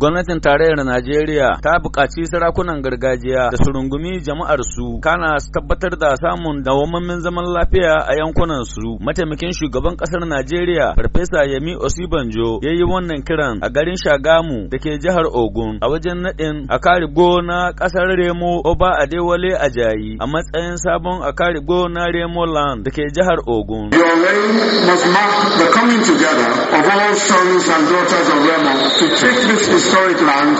Gwamnatin tarayyar Najeriya ta buƙaci sarakunan gargajiya da su rungumi jama'ar su kana tabbatar da samun dawamammin zaman lafiya a yankunan su. Mataimakin shugaban ƙasar Najeriya Farfesa Yemi Osibanjo ya yi wannan kiran a garin Shagamu da ke jihar Ogun a wajen naɗin Akarigo na ƙasar Remo Oba Adewale Ajayi a matsayin sabon Akarigo na Remo Land da ke jihar Ogun. Your reign must mark the coming together of all sons and daughters of Remo to take this historic land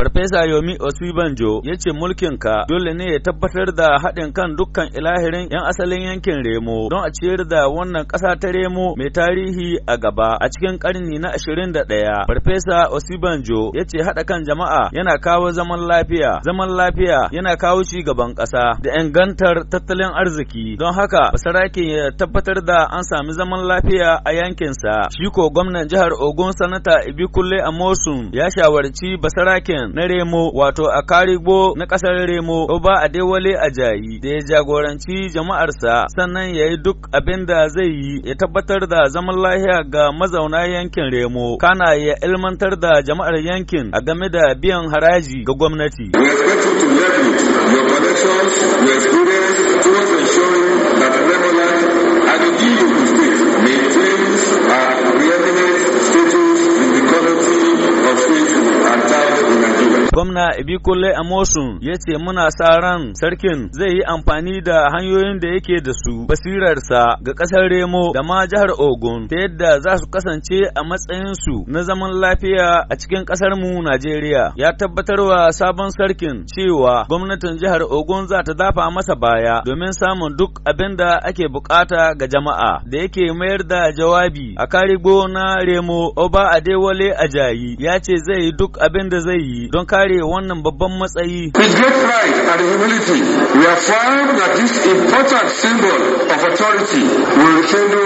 Farfesa Yomi Osibanjo ya ce mulkin ka, dole ne ya tabbatar da haɗin kan dukkan ilahirin 'yan asalin yankin Remo don a ciyar da wannan ƙasa ta Remo mai tarihi a gaba a cikin ƙarni na 21. Farfesa Osibanjo ya ce haɗa kan jama'a yana kawo zaman lafiya, zaman lafiya yana kawo ci ƙasa da ingantar tattalin arziki don haka basarake ya tabbatar da an sami zaman lafiya a yankinsa. shiko gwamnan jihar Ogun sanata a Amosun ya shawarci basaraken na Remo wato a Karigbo na ƙasar Remo ba a ko Oba a yi, da ya jagoranci jama'arsa sannan ya yi duk abin da zai yi ya tabbatar da zaman lahiya ga mazauna yankin Remo kana ya ilmantar da jama'ar yankin a game da biyan haraji ga gwamnati. Gwamna kulle Amosun ya ce muna sa ran sarkin zai yi amfani da hanyoyin da yake da su basirarsa ga ƙasar Remo da ma jihar Ogun ta yadda za su kasance a matsayinsu na zaman lafiya a cikin ƙasar mu Najeriya. Ya wa sabon sarkin cewa gwamnatin jihar Ogun za ta dafa masa baya domin samun duk abin da ake bukata ga jama'a da yake mayar da jawabi a karigo na Remo Oba Adewale Ajayi ya ce zai yi duk abin da zai yi don kare kare wannan babban matsayi. With great pride and humility, we affirm that this important symbol of authority will rekindle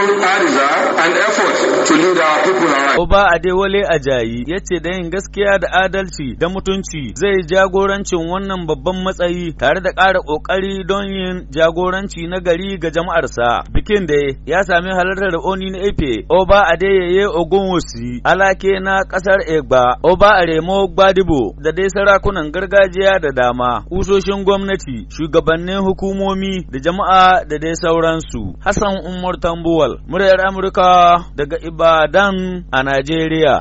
Oba Adewale Ajayi ya ce da yin gaskiya da adalci da mutunci zai jagorancin wannan babban matsayi tare da ƙara ƙoƙari don yin jagoranci na gari ga jama'arsa. Bikin da ya sami halartar Oni na Efe, Oba Adeyeye Ogunwusi, Alake na ƙasar Egba, Oba Aremo Gbadibo da dai sarakunan gargajiya da dama, kusoshin gwamnati, shugabannin hukumomi da jama'a da dai sauransu. Hassan Umar Tambuwal, muryar Amurka daga Iba Ibadan a Najeriya.